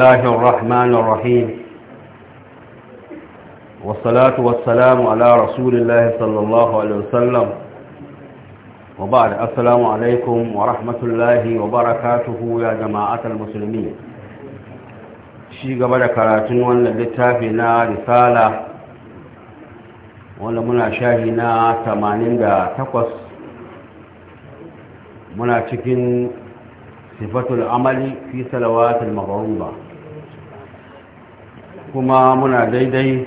الله الرحمن الرحيم والصلاة والسلام على رسول الله صلى الله عليه وسلم وبعد السلام عليكم ورحمة الله وبركاته يا جماعة المسلمين شي قبل كراتين وانا لتافنا رسالة وانا منا شاهنا ثمانين دا تقص منا تكين صفة العمل في صلوات المغروبة kuma muna daidai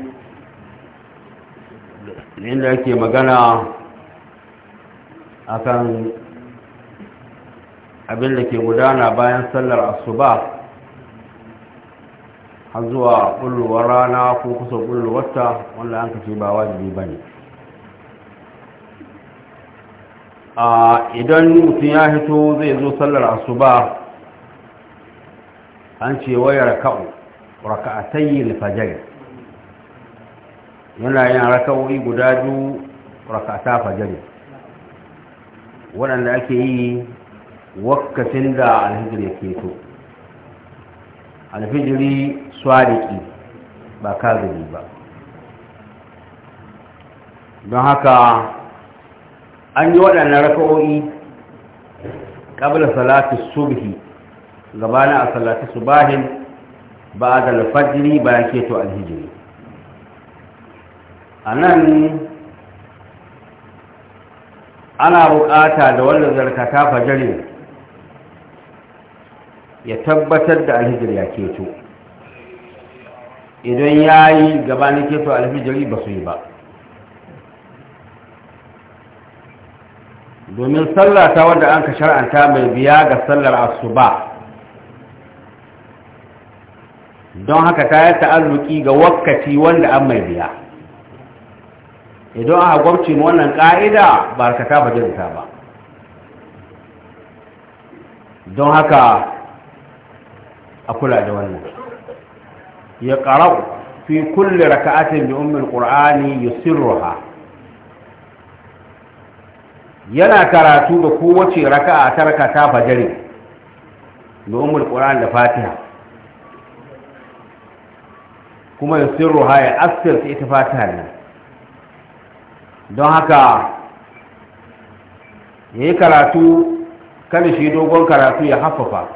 inda ake magana akan abin da ke gudana bayan sallar asuba har zuwa ƙullowar rana ko kusa ƙullowarta wanda an kace ba wajibi ba ne idan mutum ya hito zai zo sallar asuba an ce wayar ka'u raka'atayil fajr yana yin raka'o'i guda biyu raka'ata fajr waɗanda ake yi wakkatin da alhijir ya to alhijiri swadiki ba kazini ba don haka an yi waɗannan raka'o'i ƙabla salatu subhi gabana a salatu subahin ba da ba bayan keto alhijiri a nan ana buƙata da wanda zarkata fajarin ya tabbatar da alhijir ya keto idan ya yi gabanin keto alhijiri ba su yi ba domin sallah ta wadda an ka shar'anta mai biya ga sallar asuba don haka ta yi ta'alluki ga wakati wanda an mai biya idan aka gwamci wannan ƙa'ida ba ka ta bajinta ba don haka a kula da wannan ya ƙarau fi kulle raka'atin bi ummin ƙur'ani sirruha. yana karatu da kowace raka'a ta raka ta fajari da umar ƙur'ani da fatiha kuma ya sirru haya ta ita fata ne don haka ya yi karatu kada shi dogon karatu ya hafafa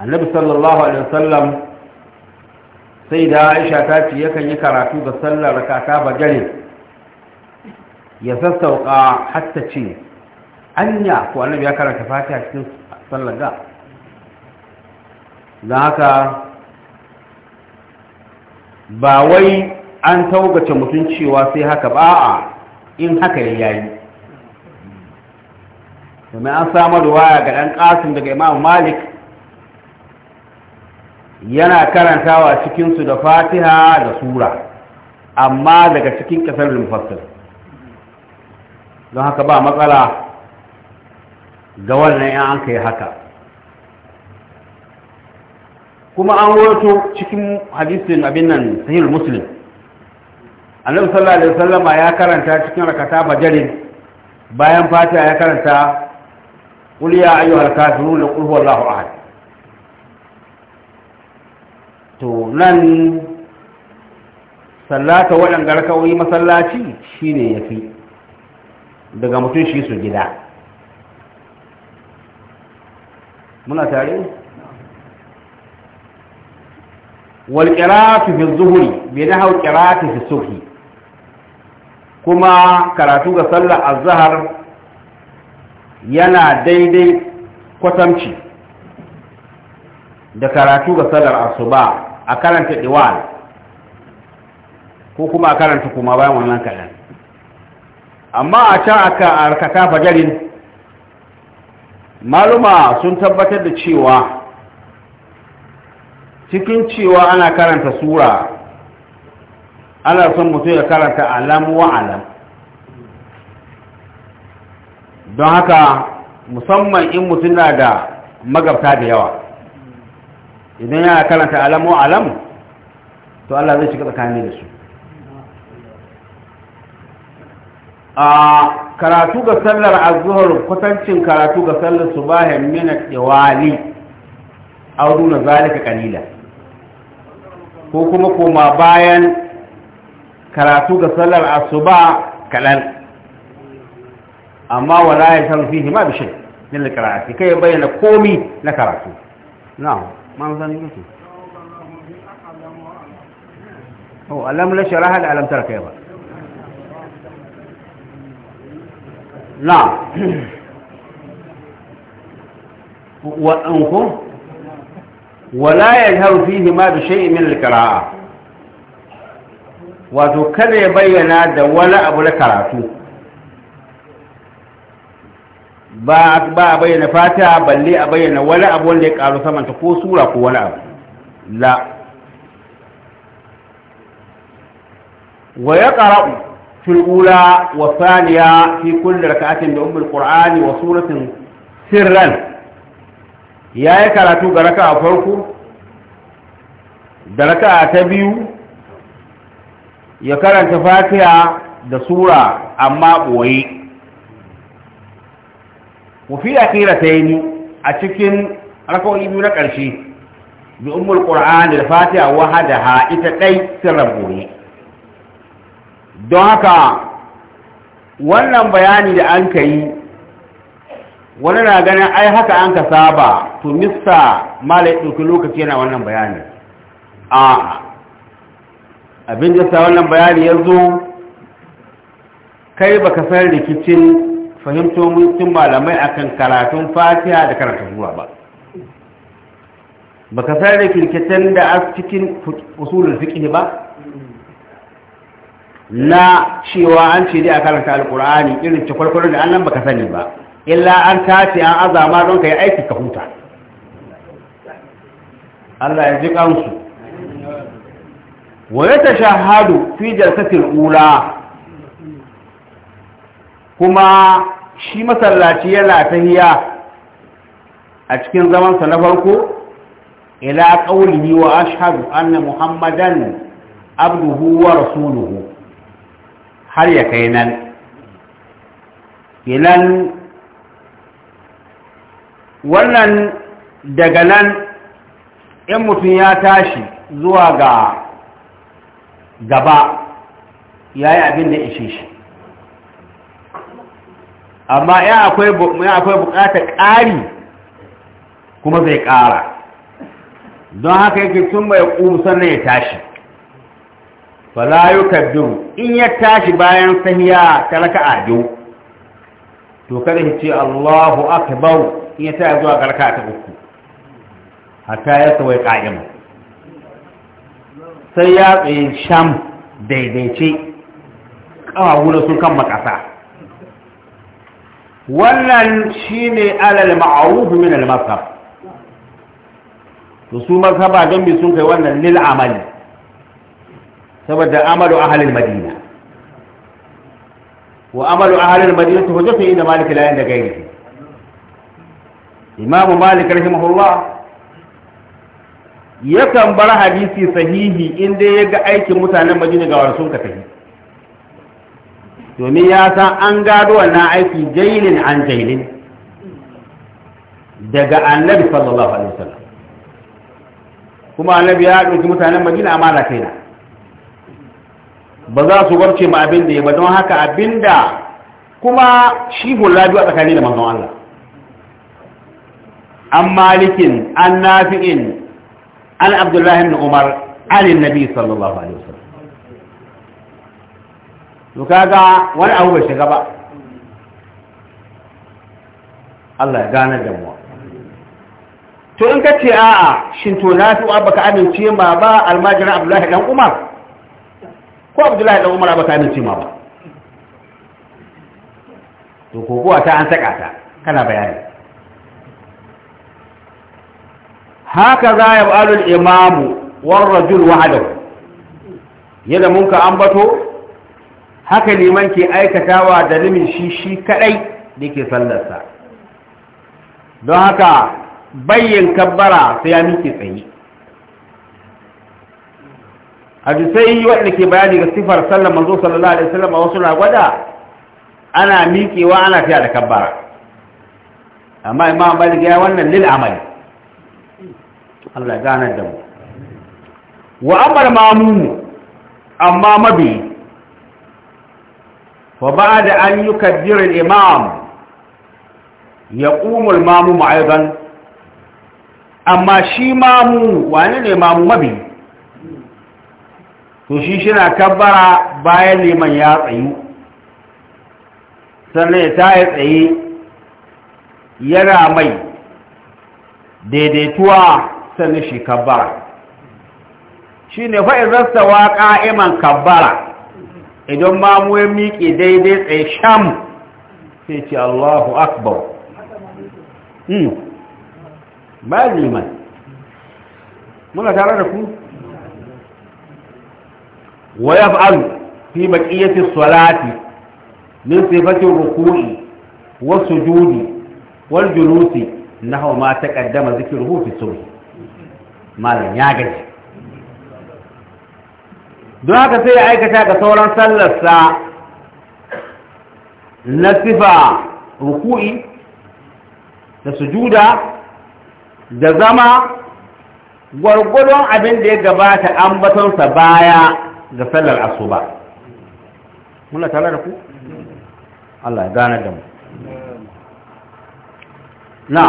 annabi sallallahu alaihi wasallam sai da aisha ta ce yakan yi karatu ga sallar rakata bajare ya sassauka hatta ce anya ko annabi ya karanta fatiha cikin sallar da don haka ba wai an taugace mutum cewa sai haka ba a in haka ya yayi domin an samar waya ga ɗan ƙasin daga imam malik yana karantawa cikinsu da fatiha da sura amma daga cikin ƙasar rumfassar don haka ba matsala ga wannan yan an yi haka kuma an wato cikin hadisin abin nan sahihul muslim annabi sallallahu alaihi wasallama ya karanta cikin rakata bajarin bayan fata ya karanta qul ya ayyuhal kafirun qul huwallahu ahad to nan sallata wadan rakawai masallaci shine yafi daga mutum shi su gida muna tare wal qira'atu fi zuhri bi hau qira'ati fi subhi kuma karatu ga sallar zahar yana daidai kwatamci da karatu ga sallar asuba a karanta diwal ko kuma a karanta kuma bayan wannan kaɗan amma a can aka arkata fajarin maluma sun tabbatar da cewa cikin cewa ana karanta sura ana son mutum ya karanta alam wa alam don haka musamman in mutum na da magabta da yawa idan yana karanta alam wa alam to Allah zai shiga tsakani da su a karatu ga sallar azuhar kwatancin karatu ga sallar su subahin mina diwali auduna zalika kalila ko kuma koma bayan karatu ga sallar asuba kaɗan amma wala ya san fihi ma bishin min al karatu, kai bayyana komi na karatu na'am man zan yake oh alam la sharaha la alam tarka ba Na, wa ankum wala yajharu fihi ma bi shay'in min al wato kada ya bayyana da wani abu na karatu ba ba a bayyana fata balle a bayyana wani abu wanda ya karu samanta ko sura ko wani abu la wa ya qara'u fil ula wa saniya fi kulli rak'atin bi umm qurani wa suratin sirran ya yi karatu ga raka a farko da raka ta biyu ya karanta fatiha da sura amma ɓoye fi akira ta yi a cikin rakawai biyu na ƙarshe bi umar ƙura'an da fatiha wahada ha ita ɗai sirran ɓoye don haka wannan bayani da an ka yi wani na ganin ai haka an ka saba to mista mala ya ɗauki lokaci yana wannan bayani a abin da wannan bayani ya zo kai baka san rikicin mutum malamai akan karatun fatiha da karanta zuwa ba baka san rikicin da a cikin usulun fiƙi ba na cewa an ce dai a karanta Alƙur'ani, irin cikwarkwarin da ba baka sani ba illa an tace an azama don ka yi aiki ka huta Allah ya ji kansu wa ya tashahadu fi jalsatil ula kuma shi masallaci yana tahiya a cikin zamansa na farko ila qawlihi wa ashhadu anna muhammadan abduhu wa rasuluhu har ya kai nan kenan wannan daga nan in mutum ya tashi zuwa ga gaba ya yi abin da ishe shi amma ya akwai bukatar ƙari kuma zai ƙara don haka yake tun mai ƙusar na ya tashi falayu kaddu in ya tashi bayan sahiya talaka a biyu to kada shi ce allahu akbar Iya ya taya zuwa garka ta uku hatta ya wai ƙa'ima sai ya tsaye sham daidaice ƙawawuna sun kan makasa wannan shi ne alal ma'arufu min al-mazhab to su mazhaba don bi sun kai wannan lil amali saboda amalu ahalin madina wa amalu ahalin madina ta hujjata inda maliki la da gairi imamu malik rahimahullah yakan bar hadisi sahihi in dai ya ga aikin mutanen madina ga warsun ka tafi domin ya san an gado wannan aiki jailin an jailin daga annabi sallallahu alaihi wasallam kuma annabi ya ɗauki mutanen madina amana kaina ba za su gwarce ma abin da ya ba don haka abin da kuma shi hula a tsakani da manzon Allah an malikin an نافع an abdullahi الله umar عمر nabi النبي صلى الله عليه وسلم wani abu bai shiga ba Allah ya gane to in ka ce a'a shin to wa baka amince ma ba almajirin abdullahi dan umar ko abdullahi dan umar baka amince ma ba to kokowa ta an saka ta kana bayani haka za ya ba'alul imamu warrajul wahadahu yadda mun ka ambato haka neman ke aikatawa da limin shi shi kadai da ke sallarsa don haka bayyin kabbara sai ya miƙe tsaye hadisai waɗanda ke bayani ga sifar sallar manzo sallallahu alaihi sallama wasu na gwada ana miƙewa ana fiya da kabbara amma imam malik ya wannan lil amali Allah ganar da mu wa amar mamumu amma mabi fa ba'da an yukabbir al-imam ya al mamu aidan amma shi mamu wani ne mamu mabi to shi shi na kabbara bayan neman ya tsayu sannan ya ta tsaye yana mai daidaituwa sani shi kabbara shi ne fa'in rasta wa ƙa'iman kabbara idan ma mu ya miƙe daidai tsaye sham sai ce Allahu akbar ba liman muna tare da ku wa ya fa'alu fi baƙiyyar salati min sifatin ruku'i wasu judi wal junusi na hau ma ta ƙaddama zikin ruhu fi sauri malam ya gaji don haka sai ya aikata ga sauran sallarsa na sifa ruku'i da sujuda da zama gwargwadon abin da ya gabata ambatonsa baya ga sallar asuba muna tare da ku? Allah ya gane da mu na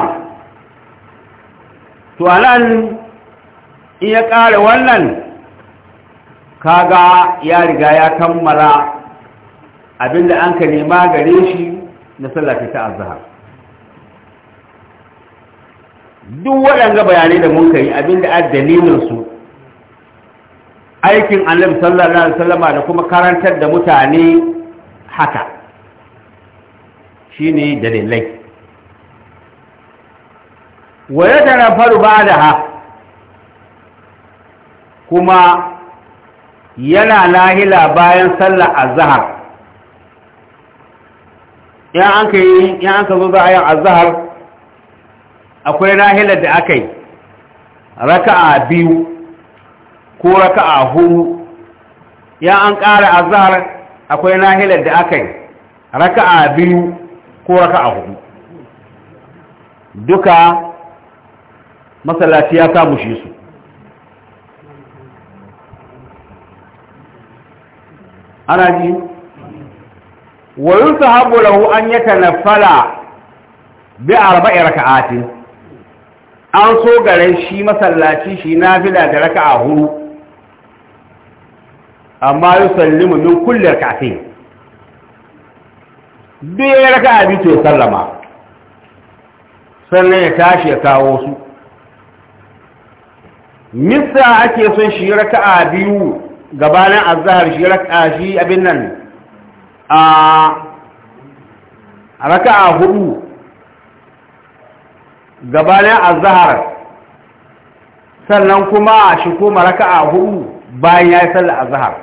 to in ya ƙare wannan kaga ya riga ya kammala abinda an ka nema gare shi na sallafi ta azhar duk waɗanga bayanai da mun kai abinda a dalilinsu aikin annabi sallallahu alaihi wasallama da kuma karantar da mutane haka shine dalilai wa da haka kuma yana lahila bayan sallar azhar in an ka yi in an ka zo za a azhar akwai lahila da aka yi raka'a biyu ko raka'a hudu ya an ƙara azhar akwai lahila da aka yi raka'a biyu ko raka'a hudu duka masallaci ya kamushe su ana ji wa yusahabu lahu an yatanaffala bi arba'i raka'atin an so garin shi masallaci shi nafila da raka'a huru. amma yusallimu min kulli raka'atin bi ya raka'a bi to sallama sannan ya tashi ya kawo su misa ake son shi raka'a biyu gabanin azhar shi raka shi abin nan a raka'a hudu gabanin azhar sannan kuma a shi raka a hudu bayan ya yi sallar azhar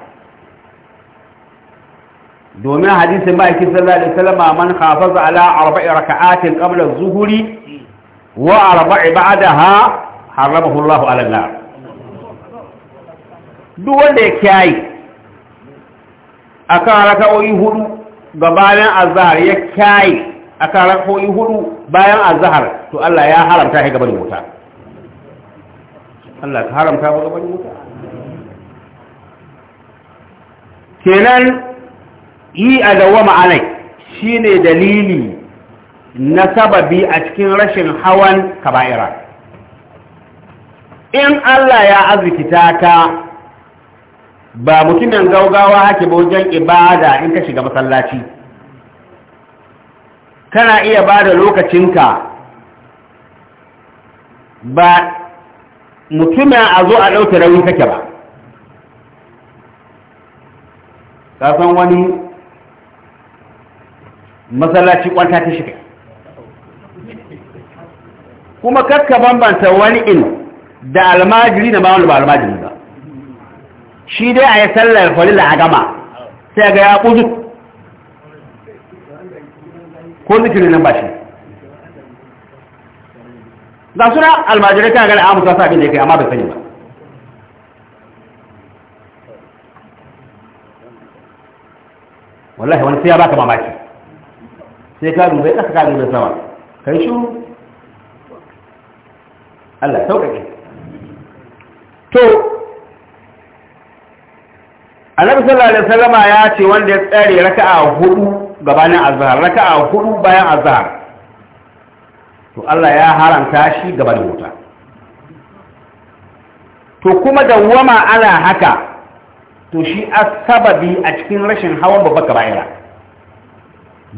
domin hadisin ma'aikin sallallahu alaihi wasallam man hafaza ala arba'i raka'atin qabla az-zuhri wa arba'i ba'daha haramahu Allahu ala duk wanda ya kyayi akan raka'o'i hudu bayan azahar ya kyayi akan raka'o'i hudu bayan azahar to Allah ya haramta shi gaban wuta Allah ka haramta mu gaban wuta kenan yi a dawama anai ne dalili na sababi a cikin rashin hawan kaba'ira in Allah ya azikita ka ba mutumin gaugawa hake ba wajen ibada in ka shiga masallaci kana iya ba da lokacinka ba mutumin a zo a ɗauke rauni kake ba san wani masallaci kwanta ta shiga kuma kakka bambanta wani in da almajiri na wani ba almajiri ba shi dai a yi sallar falil a gama sai ga ya ƙudu ko zikirin nan ba shi su na almajirai kan gani amurka sa abin da ya kai amma bai sani ba wallahi wani sai ya baka mamaki sai ka dubai ƙasa ka dubai sama kai shi Allah sauƙaƙe annabi sallallahu alaihi wasallama ya ce wanda ya tsare raka'a hudu gabanin azhar raka'a hudu bayan azhar to Allah ya haramta shi gabanin wuta to kuma da wama ala haka to shi asababi a cikin rashin hawan babba kaba'ira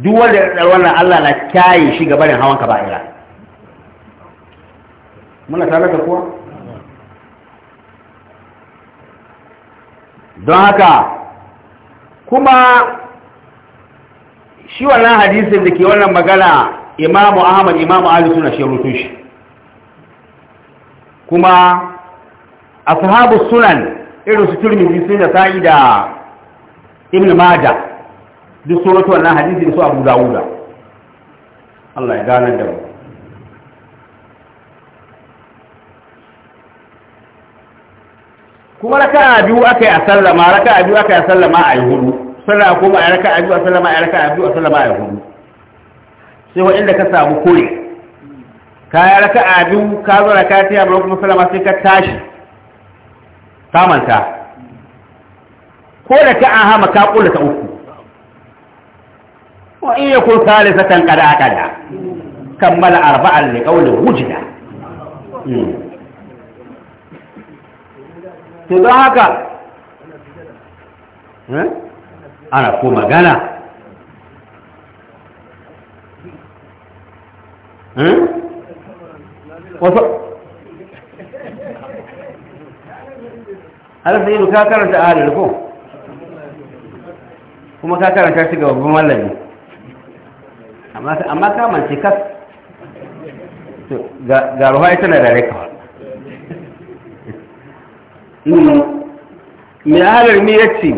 duk wanda ya tsare wannan Allah na kyaye shi gabanin hawan kaba'ira muna tare da kuwa don haka kuma shi wannan hadisin da ke wannan magana imamu ahmad imamu ali suna shirutun shi kuma ashabu sunan irin su turmizi sun da sa'i da ibn majah duk suratu wannan hadisi da su abu dawuda Allah ya gane da mu kuma raka'a biyu aka yi a sallama raka'a biyu aka yi a sallama a yi hudu sannan kuma a raka'a biyu a sallama a raka'a biyu a sallama a yi hudu sai wa inda ka samu kore ka yi raka'a biyu ka zo raka'a ta yamma kuma sallama sai ka tashi ka manta ko da ka an hama ka kula ta uku wa in yakun salisatan qada qada kammala arba'an li qawli wujda hmm. to don haka eh? ana ko magana eh? wasu alasa yi ka karanta a ko kuma ka karanta shi ga babban wallabi amma ka cikas ga ruwa ita na da rikawa mai halar ne ya ce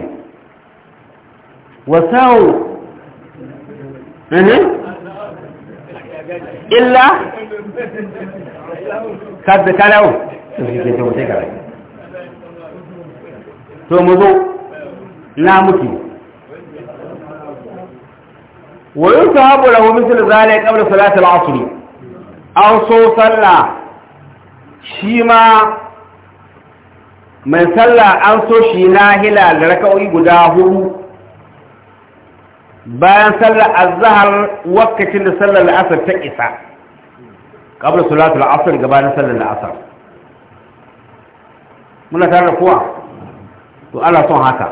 wasawo illa kadda kalawo to mu zo na muke wayin sahabu lahu misal zalika qabla salati al-asr aw so sallah shi ma mai sallah an so shi na da raka'o'i guda hudu bayan sallar azhar wakacin da sallar la'asar ta isa qabla salatul asr gabanin sallar la'asar muna tare da to Allah son haka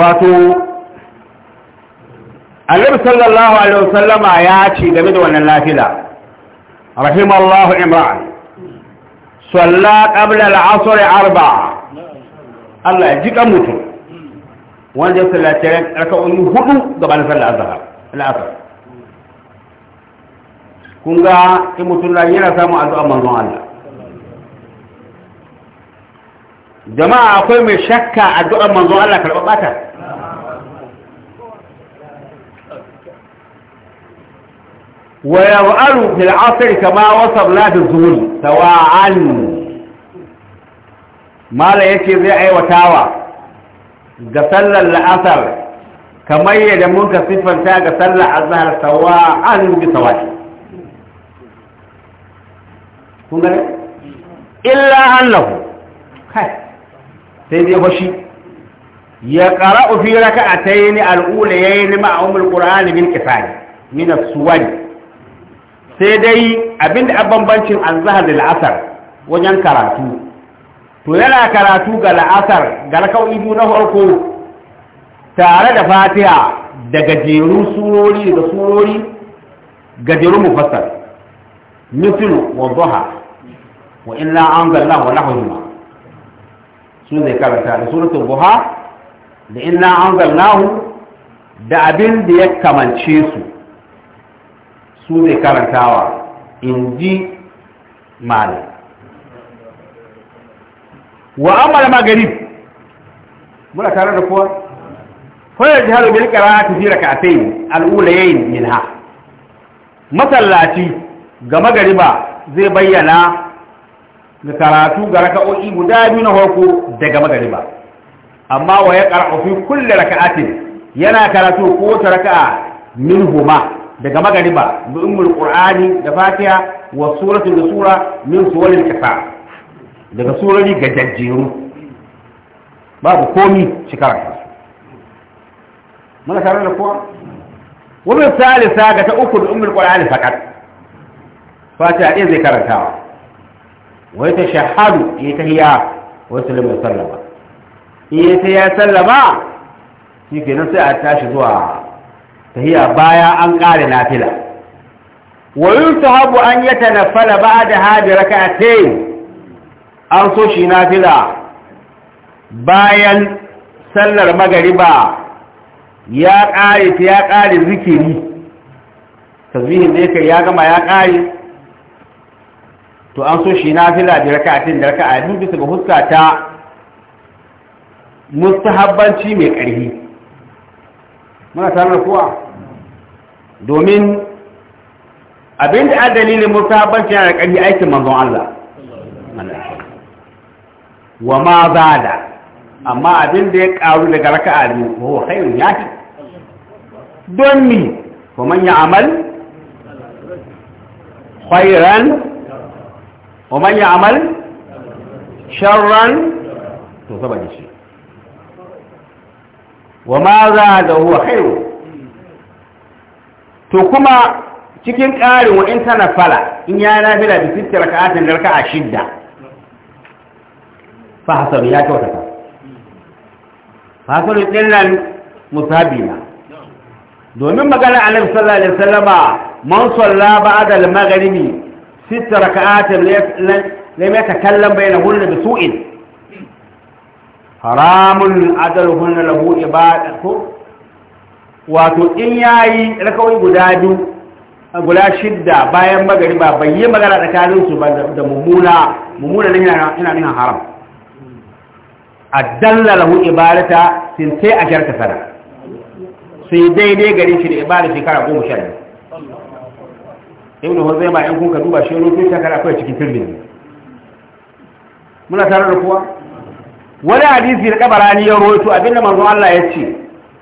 wato annabi sallallahu alaihi wasallama ya ce game da wannan lafila rahimallahu imran صلى قبل العصر أربعة الله يجيك أموتو وانجا صلى ترك ركعوا هدو قبل صلى الظهر العصر كونغا يموتو الله ينا سامو أدو أمان الله jama'a akwai mai shakka addu'ar manzon Allah karɓaɓɓata ويظهر في العصر كما وصف لا بالظهور سواء ما لا يكي زي أي وتاوى قسل الأثر كما يدمونك صفا تا قسل الظهر سواء بسواء إلا أنه سيدي بشي يقرأ في ركعتين الأوليين معهم القرآن بالكفاية من السور sai dai abinda a bambancin azhar da la'asar wajen karatu to yana karatu ga la'asar ga raka'o'i biyu na farko tare da fatiha da gajeru surori daga surori gajeru mufassar mithlu wa dhuha wa illa anzalna wa nahuma sun zai karanta da suratul buha da illa anzalnahu da abin da ya kamance su su ne karantawa in ji mali. wa amma magarib muna tare da kowa kwaya jihar bil qira'ati fi rak'atayn al-ulayayn minha masallaci ga magariba zai bayyana da karatu ga raka'o'i guda biyu na farko daga magariba amma wa ya qara'u fi kulli raka'atin yana karatu ko ta raka'a min huma daga magariba bi ummul qur'ani da fatiha wa suratul da sura min suwaril kisa daga surori gajajjeru babu komi shekara muna tare da kowa wani salisa ga ta uku da ummul qur'ani fakat fatiha ɗaya zai karantawa wai ta shahadu ya ta hiya wai sallama sallama in ya ta ya sallama shi kenan sai a tashi zuwa tahiya baya an ƙare nafila wa yusahabu an yatanaffala ba'da hadi rak'atayn an so shi nafila bayan sallar magariba ya ƙare ta ya ƙare zikiri tasbihin da kai ya gama ya ƙare to an so shi nafila bi rak'atayn da rak'a biyu bisa ga huskata ta mustahabbanci mai ƙarfi muna tare da domin abin da a dalilin musabanci yana da ƙarfi aikin manzon Allah wa ma za da amma da ya ƙaru daga raka a ne ko hairun ya fi don ni ko man ya amal khairan wa man ya amal sharran to saba da shi wa ma za da huwa khairu to kuma cikin ƙarin wa in fala in ya nafila da sitta raka'atin da raka'a shidda fa hasan ya kyautata fa hasan din nan musabi na domin magana annabi sallallahu alaihi wasallama man salla ba'da al-maghribi sitta raka'atin lam yatakallam bainahunna bi su'in haramun na lahu ibada ko wato in yayi rakawai guda biyu guda shidda bayan magariba bai yi magana tsakanin su ba da mummuna mummuna ne yana nuna haram addalla lahu ibadata sin sai a jarka sana sai daidai gare shi da ibada shekara goma sha biyu ibnu huzai ma yan kun ka duba shi rufin shekara akwai cikin turbin muna tare da kuwa wani hadisi da ni ya rohoto abinda manzo Allah ya ce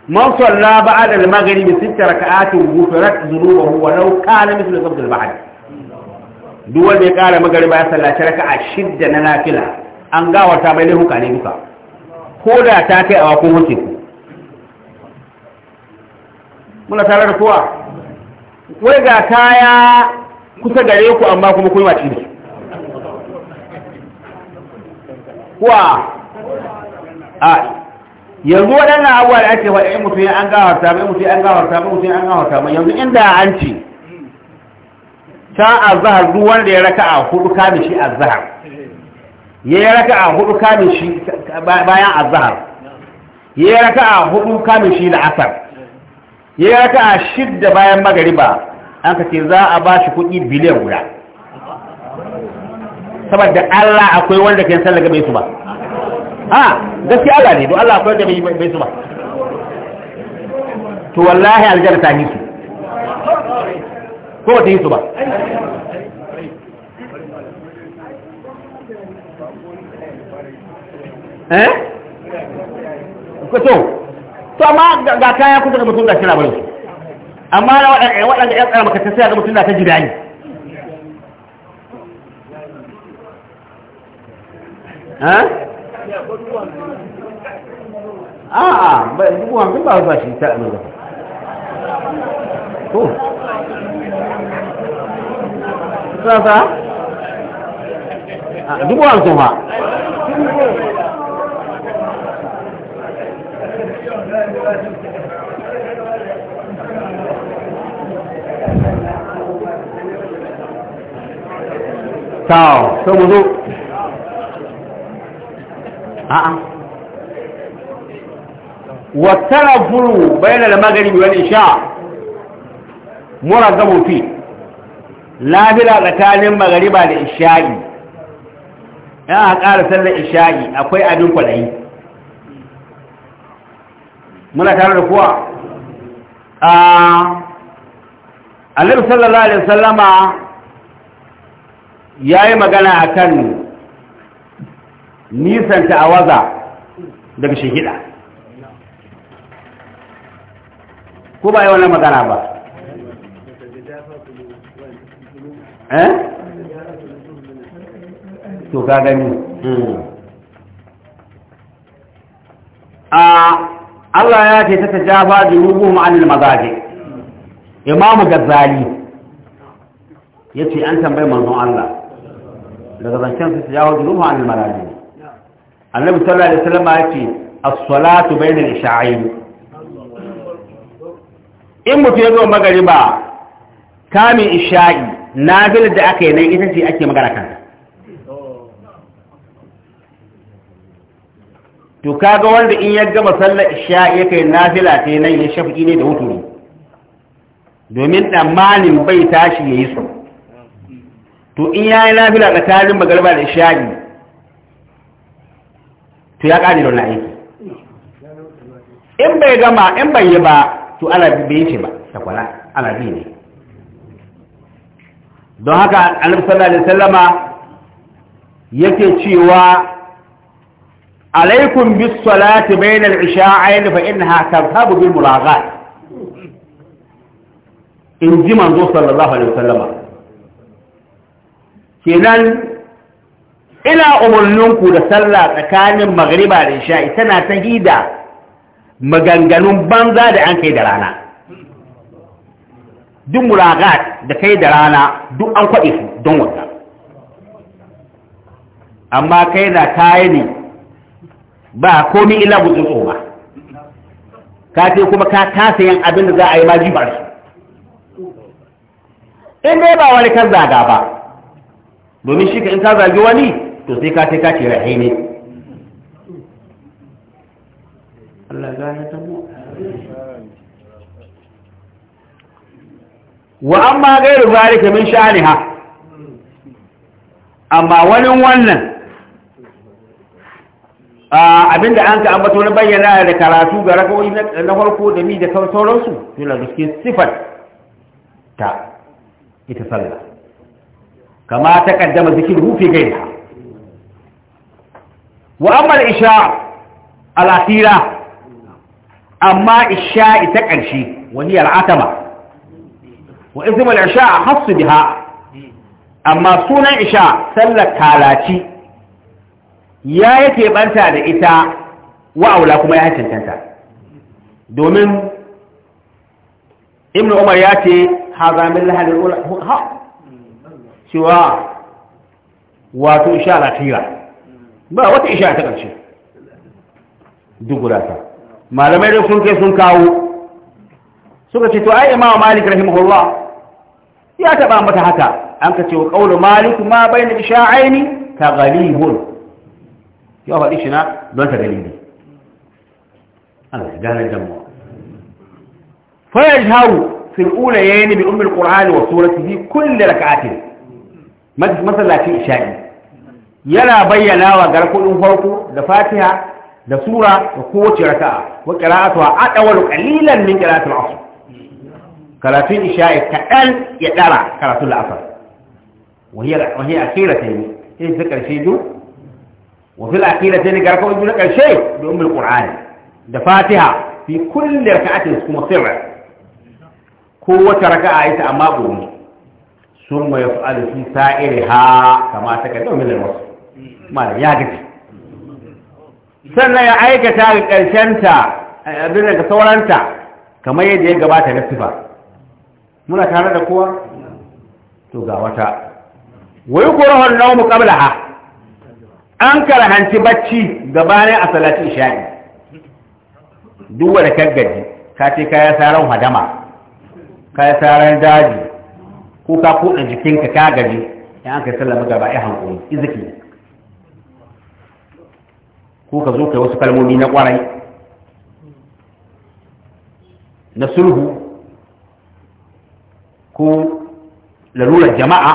man salla ba'da al-maghribi sitta rak'atin ghufirat dhunubuhu wa law kana mithlu qabl al-ba'd duk wanda ya kara magariba ya sallaci raka'a shidda na nafila an gawarta mai laifuka ne duka ko da ta kai awa ko wuce muna tare da kowa wai ga kaya kusa gare ku amma kuma kun yi wace ne kuwa a yanzu waɗannan abuwa da ake faɗa in mutum ya an gawarta mai mutum an gawarta mai mutum an gawarta mai yanzu inda an ce a zahar duk wanda ya raka a hudu kamin shi zahar, ya yi raka a hudu kamin shi bayan zahar, ya yi raka a hudu kamin shi da asar ya yi raka a shidda bayan magariba an ka ce za a ba shi kuɗi biliyan guda saboda allah akwai wanda ke san daga gabe su ba ha gaskiya Allah ne don Allah akwai da bai su ba to wallahi aljanna ta nisu ko ta nisu ba eh ko to to amma ga kaya kusa da mutum da kira bare su amma waɗanda ya eh, tsara maka tsaya ga mutum da ta ji ne ha eh? a'a ba dubu hamsin ba ba shi ta amina ko sasa dubu hamsin ba Tchau, tamo junto. a'a wa والتنفر بين المغرب sha mura فيه لا بلا tsakanin magariba da isha'i ya a ƙara sallar isha'i akwai abin kwalayi muna tare da kuwa a alif sallallahu alaihi sallama ya yi magana a kan nisanta a waza daga shahida ko ba yi wani magana ba eh to ka gani hmm. a Allah ya ce ta ta tajafa junubuhum anil mazaji imamu gazzali ce an tambayi manzon Allah daga zancen su ta tajafa junubuhum anil mazaji annabi sallallahu alaihi wasallam ya ce as-salatu al-isha'ain in mutum ya zo magariba kami isha'i nafilar da aka yi nan ita ce ake magana kanta to kaga wanda in ya gama sallar isha'i ya kai nafila ta nan ya shafi ne da wuturi domin tsammanin bai tashi ya yi su to in ya yi nafila tsakanin magariba da isha'i to ya kare da wannan aiki in bai gama in bai yi ba to ala bai ce ba sakwala ala bi ne don haka annabi sallallahu alaihi yake cewa alaikum bis salati bainal isha'ain fa innaha tadhhabu bil mulaghat in ji manzo sallallahu alaihi wasallama kenan ina umarninku da sallah tsakanin magariba da isha'i tana ta hida maganganun banza da an kai da rana duk muragat da kai da rana duk an kwaɗe su don wata amma kai na kayi ne ba komi ila gudun tsoma ka ce kuma ka kasa yin abin da za a yi ma jibar su in dai ba wani kan zaga ba domin shi ka in ka zagi wani to sai ka sai ka ce rahe ne Allah gane ta mu wa amma gairu zalika min sha'aniha amma wani wannan abinda an ka ambato na bayyana da karatu ga rakawoyi na farko da mi da sauransu yana da cikin sifar ta ita sallah kama ta kaddama zikin rufe gaira wa amma isha al'akhira amma isha ita ƙarshe wani al'atama wa ismu isha a hassu biha amma sunan isha sallar kalaci ya yake banta da ita wa'aula kuma ya cancanta domin ibn umar ya ce haza min lahalin cewa wato isha al'akhira ba wata isha ta ƙarshe dugura ta malamai da sun kai sun kawo suka ce to ai imamu malik rahimahullah ya taɓa mata haka an ka ce wa ƙaunar malik ma bai na isha aini ta galibun ya faɗi shi na don ta galibi Allah ya gane damuwa فيجهر في الأولى يين بأم القرآن وسورته كل ركعة مثلا في إشاء yana bayyana wa garkudin farko da fatiha da sura da kowace raka'a wa qira'atu adawalu qalilan min qira'atil asr karatun isha'i kaɗan ya ɗara karatun la'asar wahi akira ta yi sai su ƙarshe ju wafi akira ta yi garka wajen na ƙarshe domin ƙur'ani da fatiha fi kullum raka'atin su kuma sirra ko wata raka'a ita amma gobe sun mai fa'alu fi sa'iri kama ta ka domin wasu mara ya gaji sannan ya aikata ga ƙarshenta yanzu eh, daga sauranta kamar yadda ya gabata na sifa muna tare da kowa to ga wata wai kurahun naumu kabla ha an karhanci bacci gabanin a Salatu isha'i duk wanda kan gaji ka ce kayan saran hadama kayan saran daji ko ka kuɗa jikinka ka gaji in an kai sallama gaba ya hankali iziki ko ka zo kai wasu kalmomi na kwarai na sulhu ko larurar jama'a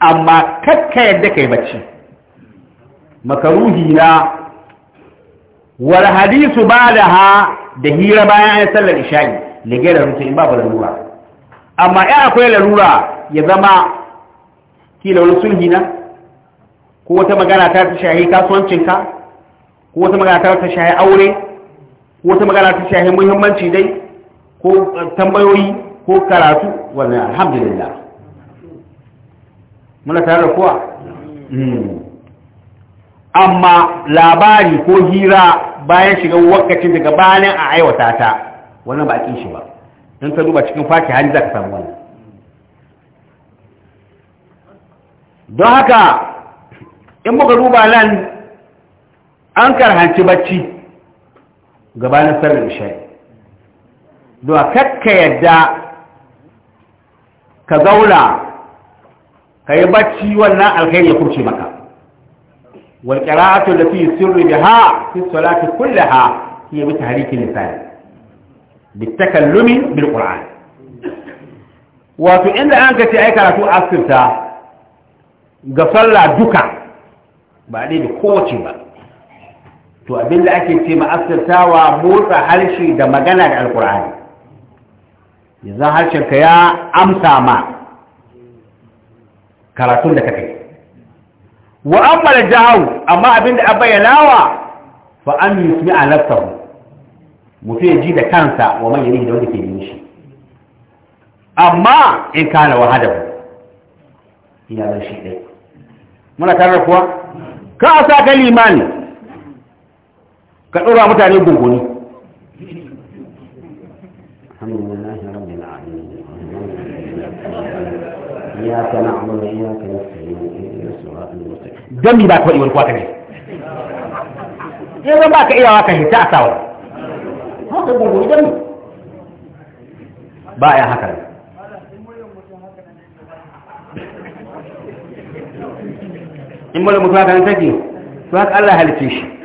amma kakka yadda kai bacci makaruhi na wal hadisu ba da ha da hira bayan ya sallar isha'i da da rute in babu larura amma ya akwai larura ya zama kila wani sulhi na ko wata magana ta shahi kasuwancinka ko wata magana ta shahi aure ko wata magana ta shahi muhimmanci dai ko tambayoyi ko karatu wannan alhamdulillah muna tare da kuwa hmm. amma labari ko hira bayan shiga wakacin daga bayan a aiwata ta wannan ba a shi ba don ta duba cikin faki hali za ka samu wannan don haka in muka duba nan an karhanci bacci gabanin sallar isha'i don kakka yadda ka zauna ka yi bacci wannan alkhairi ya kurce maka da qira'atu allati sirru biha fi salati kullaha hiya bi tahriki lisan bi takallumi bil qur'an wato inda an ka ce ai karatu asirta ga sallah duka ba dai da kowace ba to abinda ake ce ma'asirtawa motsa harshe da magana da alkur'ani yanzu ka ya amsa ma karatun da kake wa amma da amma abinda a bayyanawa fa an yusmi a nafsahu mutum ya ji da kansa wa man yari da wanda ke yi shi amma in kana wahadahu ina zan shi ɗai muna tare kuwa ka a sa ka limani ka ɗora mutane gungoni don mi ba ka faɗi wani kwaka ne yanzu ba ka iyawa ka hita a sawa haka gungoni don mi ba ya haka ne in mara mutu haka nan take to haka Allah halice shi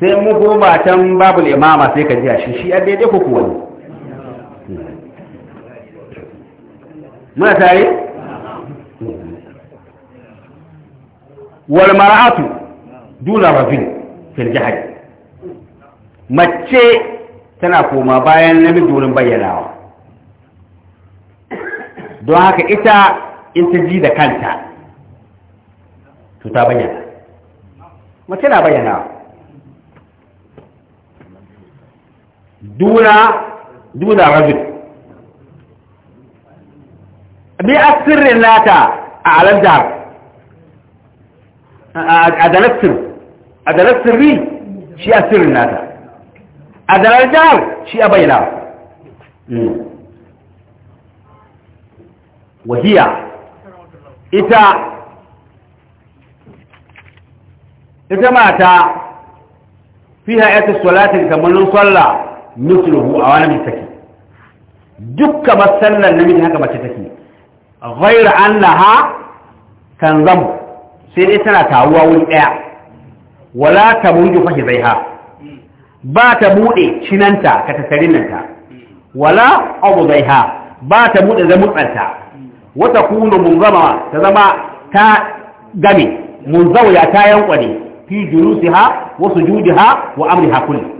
sai mu ko can babul imama sai ka jiya shi shi a daidai ko kuwa ne muna tare wal mar'atu duna rajul fil mace tana koma bayan namiji durin bayyanawa don haka ita in ta ji da kanta to ta bayyana mace na bayyanawa دون دون رجل بأسر لاتا على الدار أدل السر أدل السر شيء أسر لاتا أدل الدار شيء أبينا وهي إذا إذا مات فيها آية الصلاة كمن صلى misluhu a wani take dukkan masallan namiji haka mace take ghayra annaha tanzamu sai dai tana tawuwa wuri daya wala tamuju fa hizaiha ba ta buɗe cinanta ka tasarinanta wala ha. ba ta bude zamutsanta wata mun munzama ta zama ta game zauya ta yankwane fi wasu wa ha wa amriha kulli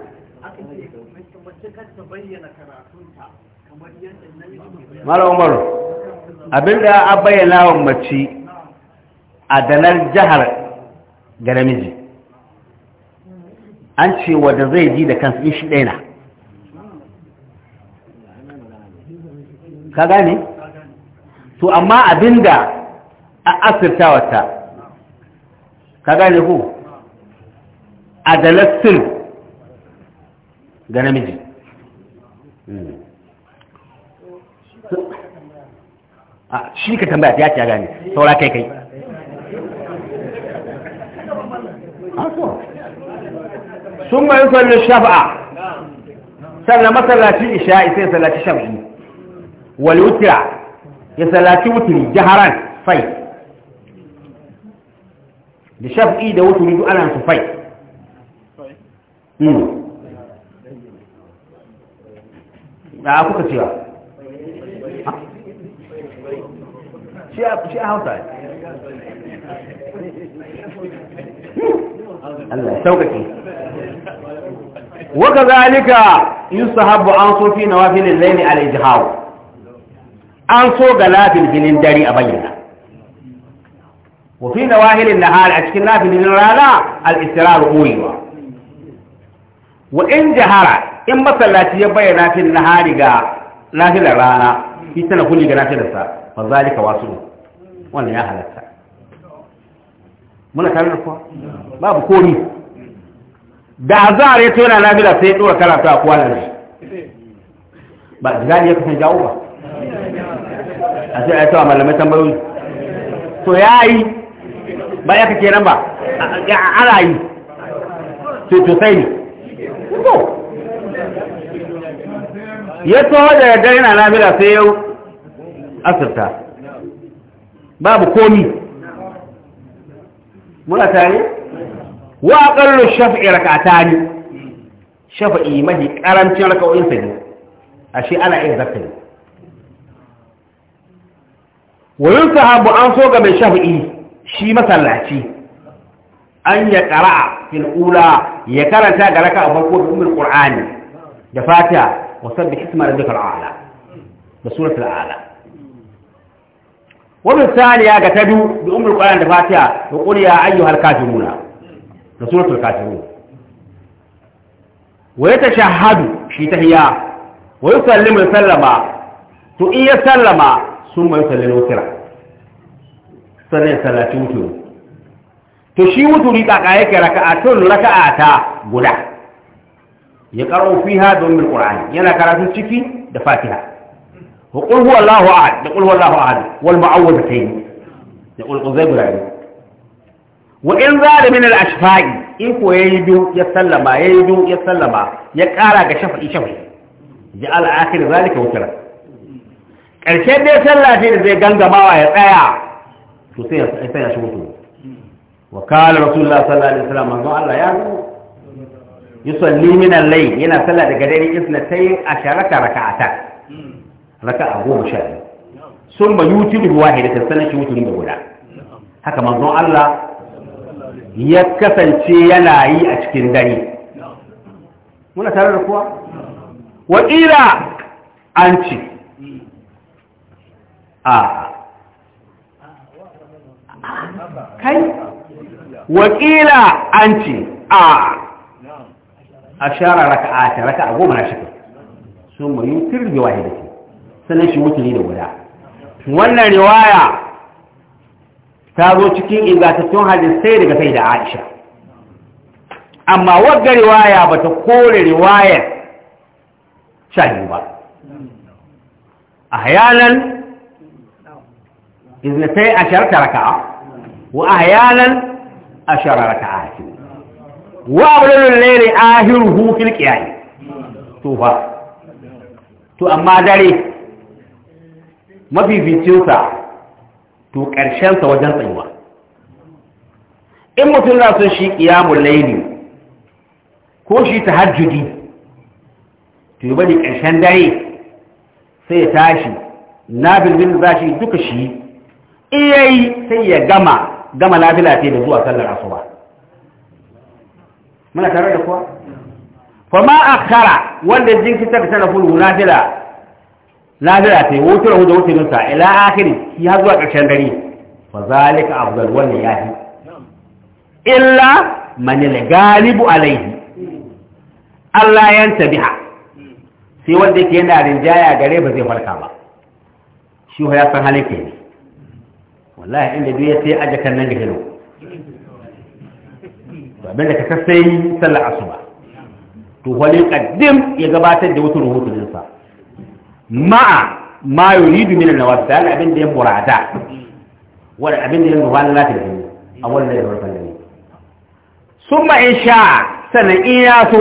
bayyana umaru a bayyana wa mace a danar jihar ga namiji an ce wanda zai ji da kansa in shi ɗaya ka gane? to amma abinda a asirta wata ka gane ku a danar ga namiji Hmm. a ah, shi ka tambaya ya ce ya gane saura kai kai ah, sun bayan sallin shafa'a sannan masallaci isha'i sai sallaci shafi. wal wutira ya sallaci wuturi jaharan fai da shafi da wuturi duk ana su fai hmm. na kuka cewa shi a hausa Allah sauƙaƙe waka zalika yusahabu an so fi nawafilil layli al ijhaw an so ga lafin jinin dare a bayyana wa fi nawahilin nahar a cikin lafin jinin rana al istiraru uyiwa wa in jahara in masallaci ya bayyana na nahari ga nafilar rana shi tana kulli ga nafilarsa fa zalika wasu wannan ya halatta muna tare da kuwa babu komi da a za azhar yana tona da sai ya dora karatu a kuwa nan ba gani ya kasan jawo ba a sai ya tawa malamai tambayoyi to ya yi ba ya kake nan ba A ana yi to to sai ne ya taho da dare na lamira sai yau asirta babu komi muna tare wa aqallu shaf'i rak'atani shafa'i mahi karancin raka'o'in sa ne ashe ana iya zakkai wa sahabu an so ga mai shafi'i shi masallaci an ya qara'a fil ula ya karanta ga raka'a farko da ummul qur'ani da fatiha وسبح اسم ربك الأعلى بسورة الأعلى وبالتالي يا قتدو بأم القرآن الفاتحة يقول يا أيها الكافرون بسورة الكافرون ويتشهد شي تهيا ويسلم يسلم تو إن يسلم ثم يسلم وترى sannan ya sallaci wuturu to shi wuturi tsaka yake raka'a tun raka'a ta guda ya karo fiha domin qur'ani yana karatun ciki da fatiha wa Allahu huwallahu ahad da qul Allahu ahad wal mu'awwidhatayn da zai guda ra'i wa in zada min al ashfa'i in ko ya yi biyu ya sallama ya yi biyu ya sallama ya kara ga shafa'i shafa'i ja'al akhir zalika wutara karshe dai sallah ce da zai gangamawa ya tsaya to sai ya sai ya shi mutu wa qala rasulullah sallallahu alaihi wasallam manzo Allah ya zo yusalli min al-layl yana sallah daga dare isnatay asharaka raka'ata raka'a goma sha biyu sun ba yutiru wahidatan sanin shi wuturi da guda haka manzon Allah ya kasance yana yi a cikin dare muna tare da kuwa wakila an ce a kai wakila an ce a ashara raka'ata raka'a goma na shika sun mai yunkir bi wahidati sannan shi mutuli da guda wannan riwaya ta zo cikin ingantattun hadisai daga sai da Aisha amma wagga riwaya bata kore riwayar shahi ba ahyanan iznitai ashar raka'a wa wa abulul layli ahiruhu fil qiyam to fa to amma dare mafificin sa to karshen sa wajen tsayuwa in mutum na son shi qiyamul layli ko shi tahajjudi to yi bane karshen dare sai ya tashi nabilbin za shi duka shi iyayi sai ya gama gama nafila ce da zuwa sallar asuba muna tare da kuwa fa ma akara wanda jinkirta da tanaful nafila nafila ta yi wutar hudu wuce nusa ila akiri shi har zuwa ƙarshen dare fa zalika afdal wani ya fi illa manila galibu alaihi Allah ya tabiha sai wanda ke yana rinjaya gare ba zai farka ba shi ya san halin ke ne wallahi inda duk ya sai kan nan da abin da ka sassai sallar asuba to wani kaddim ya gabatar da wata rahotoninsa ma'a ma yuridu min na nawafil tare abin da ya murata, wani abin da ya nufa Allah ta yi a wannan da farkon gani summa in sha sannan in ya so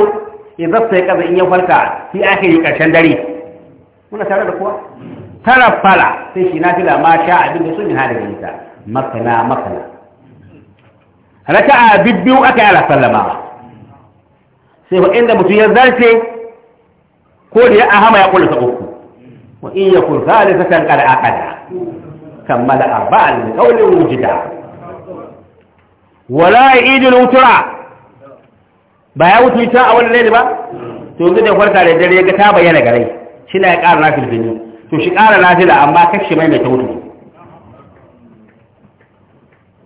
in zafta ya kaza in ya farka sai ake yi karshen dare muna tare da kuwa tara fala sai shi na fila ma sha abin da so min hada da ita, makana makana raka'a bibbiyu aka yi sallama sai inda mutum ya zarce ko da ya ahama ya ta uku wa in yakun salisatan a aqada kammala arba'an da qawlin wujida wala ya na wutura ba ya wutu ita a wani laili ba to yanzu da farka da dare ya ga ta bayyana garai shi na ya ƙara nafil bini to shi ƙara nafila amma kashi mai mai ta wutu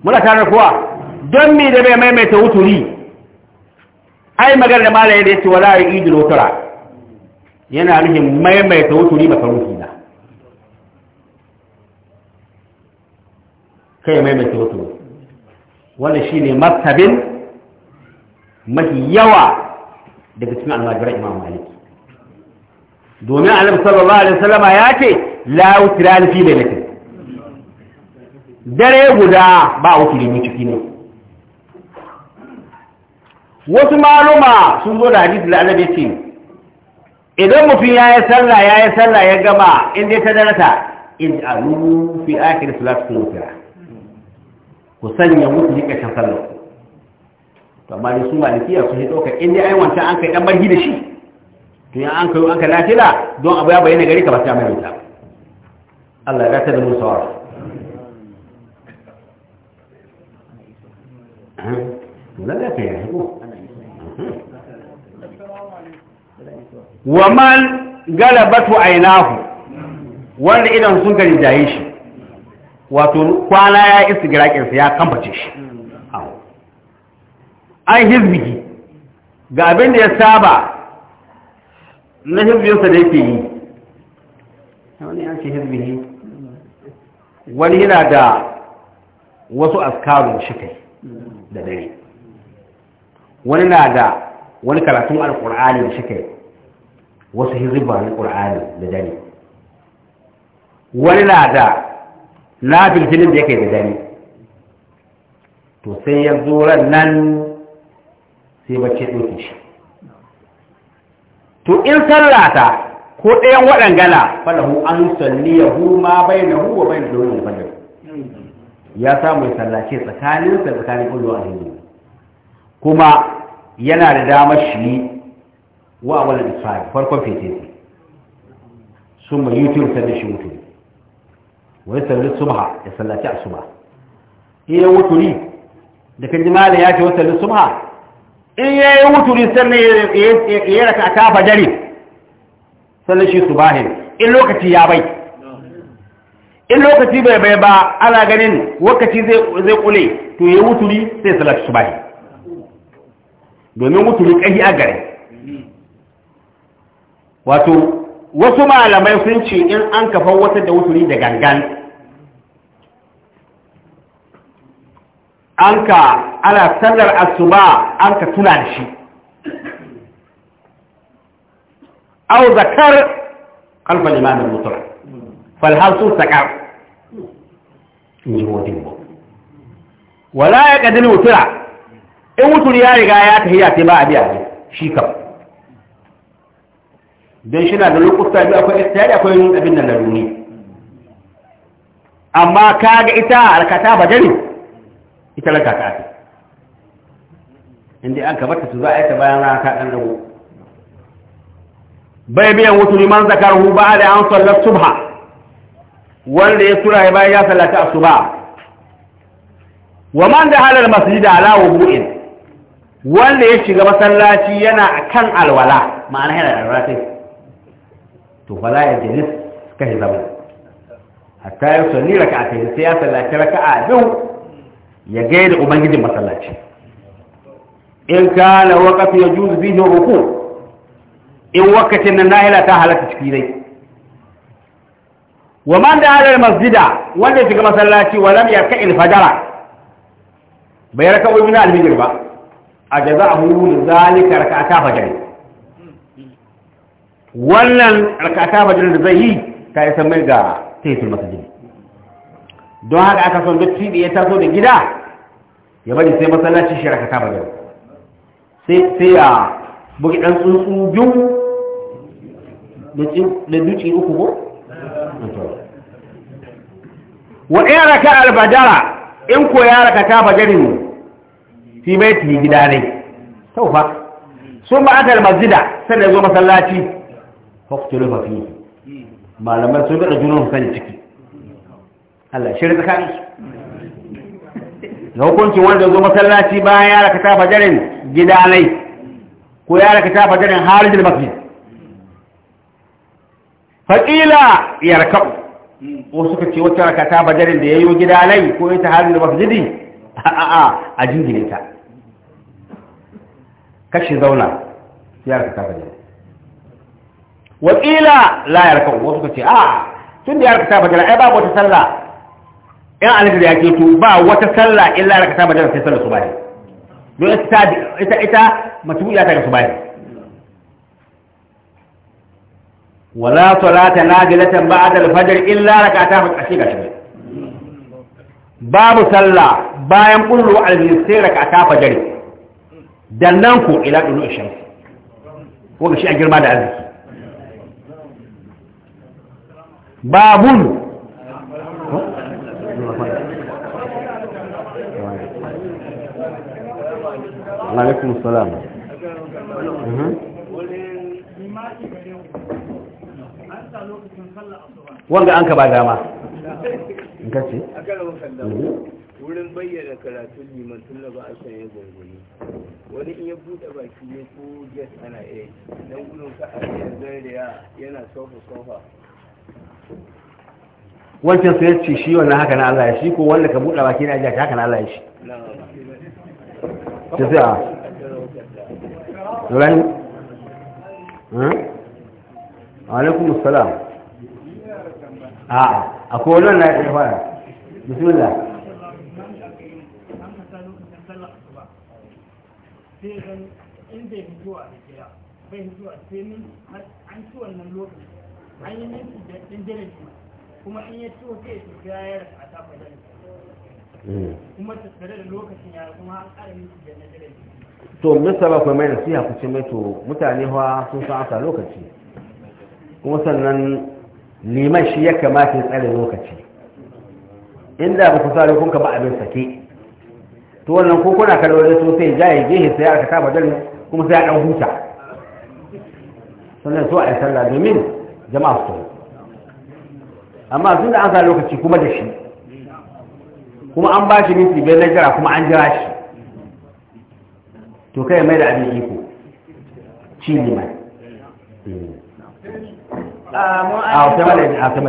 muna tare kuwa don mi da bai maimaita wuturi ai magar da malaye da yace wala ya idil wutura yana nufin maimaita wuturi ba karuhi na kai maimaita wuturi wanda shine martabin mafi yawa daga cikin almajiran imam maliki domin annabi sallallahu alaihi wasallama ya ce la wutura fi lailatin dare guda ba wuturi ne ciki ne wasu maluma sun zo da hadisi da annabi ce idan mutum ya yi sallah ya yi sallah ya gama in dai ta darata in alu fi akhir salatu wutra ku sanya mutu jika kan sallah to amma su malikiya sun yi doka in dai ai wancan an kai dan barhi da shi to ya an kayo an ka lafiya don abu ya bayyana gari ka ba ta mai wuta Allah ya ta da mu sawara to lalle ya wa man galabatu ainahu wanda idan sun gari jaye shi wato kwana ya istigrakin sa ya kambace shi an hizbiki ga abin da ya saba na hizbinsa da yake yi wani ya ce hizbiki wani yana da wasu askarun shi kai da dare wani na da wani karatun alkur'ani da shi kai wasu hizba na ƙur'ani da dare wani na da na filfilin da yake da dare to sai ya zo ran nan sai bacci ɗauke shi to in sallata ko ɗayan waɗangana falahu an salli hu ma bai na wa bai na domin fadar ya samu ya sallace tsakaninsa tsakanin ƙulwa a hindu kuma yana da damar shi wa wala isfari farkon fete fetesi sun mai yutur sannan shi mutu wani sannan subha ya sallaci a subha iya wuturi da kan jimala ya ce wani sannan subha in ya yi wuturi sannan ya raka a kafa jari sannan shi su subahin in lokaci ya bai in lokaci bai bai ba ana ganin lokaci zai kule to ya wuturi sai sallaci su subahin domin wuturi ƙahi a gare wato wasu malamai sun ce in an kafa wata da wuturi da gangan an ka ana sallar asuba an ka tuna da shi au zakar kalfa limanin mutum falhalsu sakar ba. wala ya ƙadini wutura in wuturi ya riga ya tahiya sai ba a biya shi kawai don shi na da lokuta biyu akwai istihari akwai yin abin nan laruni amma ka ga ita alkata ba jari ita ta ce inda an ta su za a yi ta bayan rana ta ɗan rago bai biyan wutu liman zakar hu ba da an sallar subha wanda ya tura ya bayan ya sallata a subha wa man da halar masjida ala bu'in wanda ya shiga masallaci yana kan alwala ma'ana yana da rarrafe to fa la ya jalis ka hi zama hatta ya a raka'atayn sai ya raka a biyu ya gaida ubangijin masallaci in ka na kana waqafi yajuzu fihi ruku' in wakacin nan nahila ta halatta ciki dai wa man da halar masjida wanda ya shiga masallaci wa lam yarka il fajara bai raka wani na almijir ba a jaza a hulu zalika raka ta fajari wannan rakata bajin da zai yi ta isa mai ga taitul masajin don haka aka son duk fiɗe ya taso da gida ya bari sai masallaci shi rakata fajr sai sai ya bugi ɗan tsuntsu biyu da duci uku ko wa ɗaya raka albadara in ko ya rakata fajrin fi baiti gida ne taufa sun ba aka almasjida sai da zo masallaci faktulu mafi fi malaman sun juna junan sani ciki Allah shirin tsakanin da hukuncin wanda zo masallaci bayan ya rakata fajarin gidanai ko ya rakata fajarin harijin mafi faƙila ya raka ko suka ce raka ta fajarin da ya yi gidanai ko ya ta harijin masjidi a'a a jingine ta kashi zauna ya raka ta fajarin wakila la yarka wasu ka ce a ah, tun da ya rikata bajara ai ba wata sallah in alifir ya ke to ba wata sallah illa yarka ta bajara sai sallah su bayan don ita ita ita mutum ya ta ga su bayan wala salata nadilatan ba'da al-fajr illa rak'ata fa kashi gashi babu sallah bayan kullu al sai rak'ata fajr dan nan ko ila dunu isham ko shi a girma da arziki babun alaikum salam mhm. wanda an ka ba dama in ka ce? a mhm. wurin bayyana karatun liman tun da ba a sanya gwangwani wani in ya buɗe baki ne ko get ana a don gudun ka a yanzu da yana sofa sofa wancan ya ce shi wannan haka na Allah ya shi ko wanda ka buɗa baki na ajiya haka na Allah ya shi ta sai a Nurani? Hmm? wannan a bai an ci an yi minti da dindinin kuma in ya ciwo sai ya su gayar a tafa da hmm. kuma tattare da lokacin ya kuma an ƙara minti da dindinin to misala kuma mai nasiha ku ce mai to mutane fa sun san asa lokaci kuma sannan liman shi ya kamata ya tsare lokaci inda ba ku sare kun ka ba abin sake to wannan ko kuna kada wani so sai jaye gehe sai aka kama dalin kuma sai a dan huta sannan so a yi sallah domin jama'a su amma tun da an sa lokaci kuma da shi kuma an ba shi minti biyar na jira kuma an jira shi to kai mai da abin iko ci ne mai a wata malayi a wata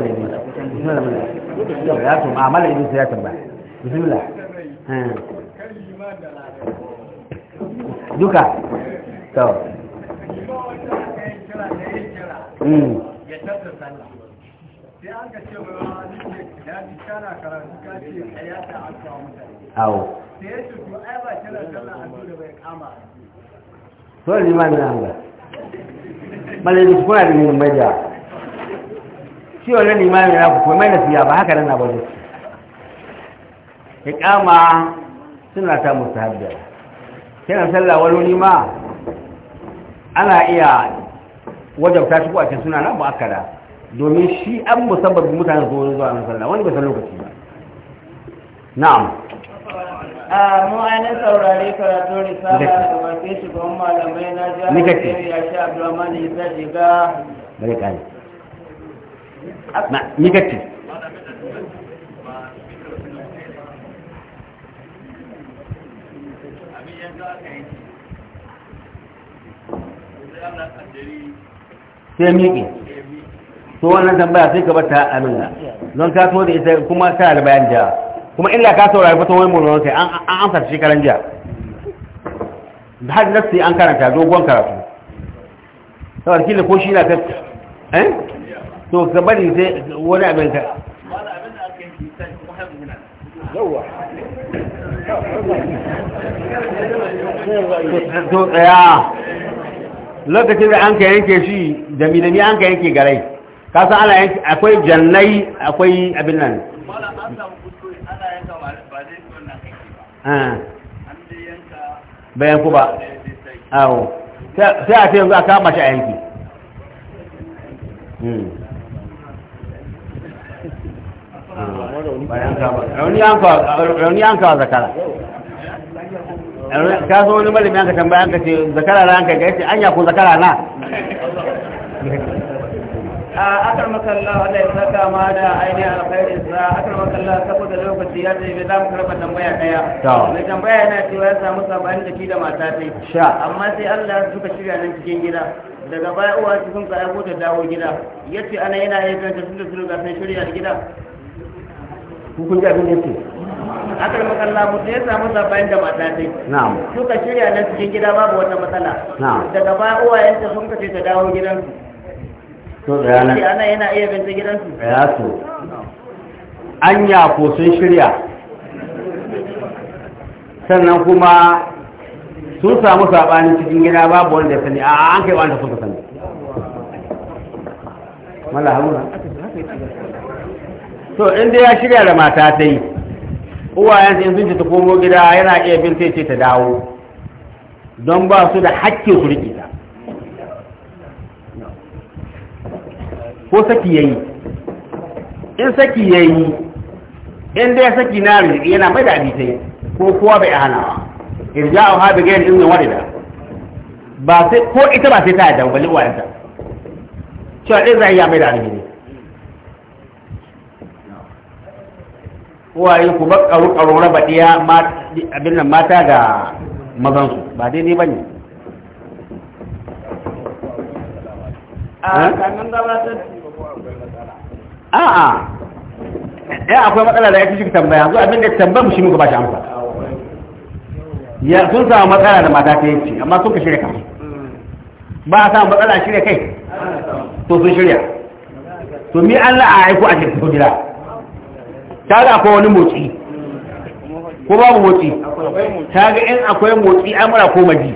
malayi ya sai ya tambaya bismillah hmm. duka to Mm. ko ni man nan da ba bale ni ma ni kuma da ni shi wala ni ma ne na ku mai siya ba haka nan na ba ne kama suna ta mustahabba kina sallah wani ni ma ana iya wajabta shi ko a cikin suna nan ba akara. domin shi an musabbab mutane zuwa zuwa an sallah wani bai san lokaci ba na'am a mu saurari karatun karatu risala da wace shi kuma malamai na jihar ya sha Abdulrahman ya shiga bare kai na ni gaci sai miƙe to wannan tambaya sai ka bar ta amina don ka so da ita kuma ta da bayan jiya kuma illa ka saurari fata wani mun sai an an amsa shi karan ja har nasi an karanta dogon karatu saboda kila ko shi na ta eh to ka bari sai wani abin ka to lokacin da an ka yanke shi da milami an ka yanke garai kasa ana yanki akwai jannai akwai abin nan ba ah. yanku ba awo sai a ce yanzu a kama shi a yanki hmm. ah, rauni yanka wa zakara ka so wani malami yanka tambaya yanka ce zakara na yanka ga yake an yaku zakara na akar makalla wanda ya saka ma da ainihin alkhairin sa akar makalla saboda lokaci ya ce za mu karɓar tambaya ɗaya mai tambaya yana cewa ya samu sabani da shi da mata ce amma sai allah suka shirya nan cikin gida daga baya uwa su sun ka aiko ta dawo gida ya ce ana yana yin kanta sun da sun ga sun shirya gida hukun ji abin da yake akar makalla mutum ya samu sabayin da mata ce suka shirya nan cikin gida babu wata matsala daga baya uwa yanta sun ka ce ta dawo gidansu to ana yana iya binta gidansu ya to anya ko sun shirya sannan kuma sun samu sabanin cikin gida babu wanda ya sani a an kai wanda suka sani mala haruna to inda ya shirya da mata ta yi in sun ce ta komo gida yana iya bin sai ce ta dawo don ba su da hakkin su riƙe ko saki yayi in saki yayi in dai saki na yana mai da abitai ko kowa bai hanawa irja'u ha bi ghairi in warida ba sai ko ita ba sai ta yadda balle wayanta, cewa dai za a iya mai da abisai uwaye ku ba karu karu raba diya abin nan mata ga mazansu ba daidai ba ne a kamin gabatar a'a ya eh, akwai matsala da ya fi shi tambaya zuwa abin da tambayar shi muka ba shi amsa ya sun samu matsala da mata ta yanci amma sun ka shirya kai ba a samu matsala shirya kai to sun shirya to mi Allah a aiko a shirya ko gida ta ga akwai wani motsi ko babu motsi ta ga in akwai motsi amura ko maji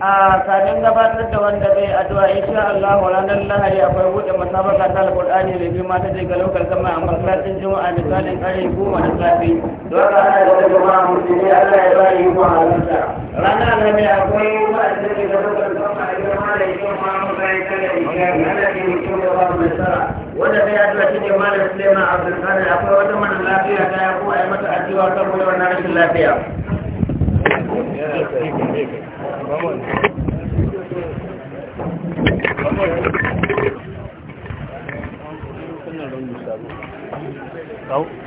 a kafin gabatar da wanda zai addu'a insha Allah ranar Lahadi akwai buɗe masabaka ta Al-Qur'ani bi mata da galokar sama a masallacin Juma'a misalin kare goma da safi don ranar da jama'a musulmi Allah ya bari ku halarta ranar Lahadi akwai wa'azin da galokar sama a girma da yamma mutane kada da wanda ta yaduwa shi ne malam suleiman abdulkadir akwai wata mana lafiya ta ya kuwa ya mata addu'a da wannan rashin lafiya Oh.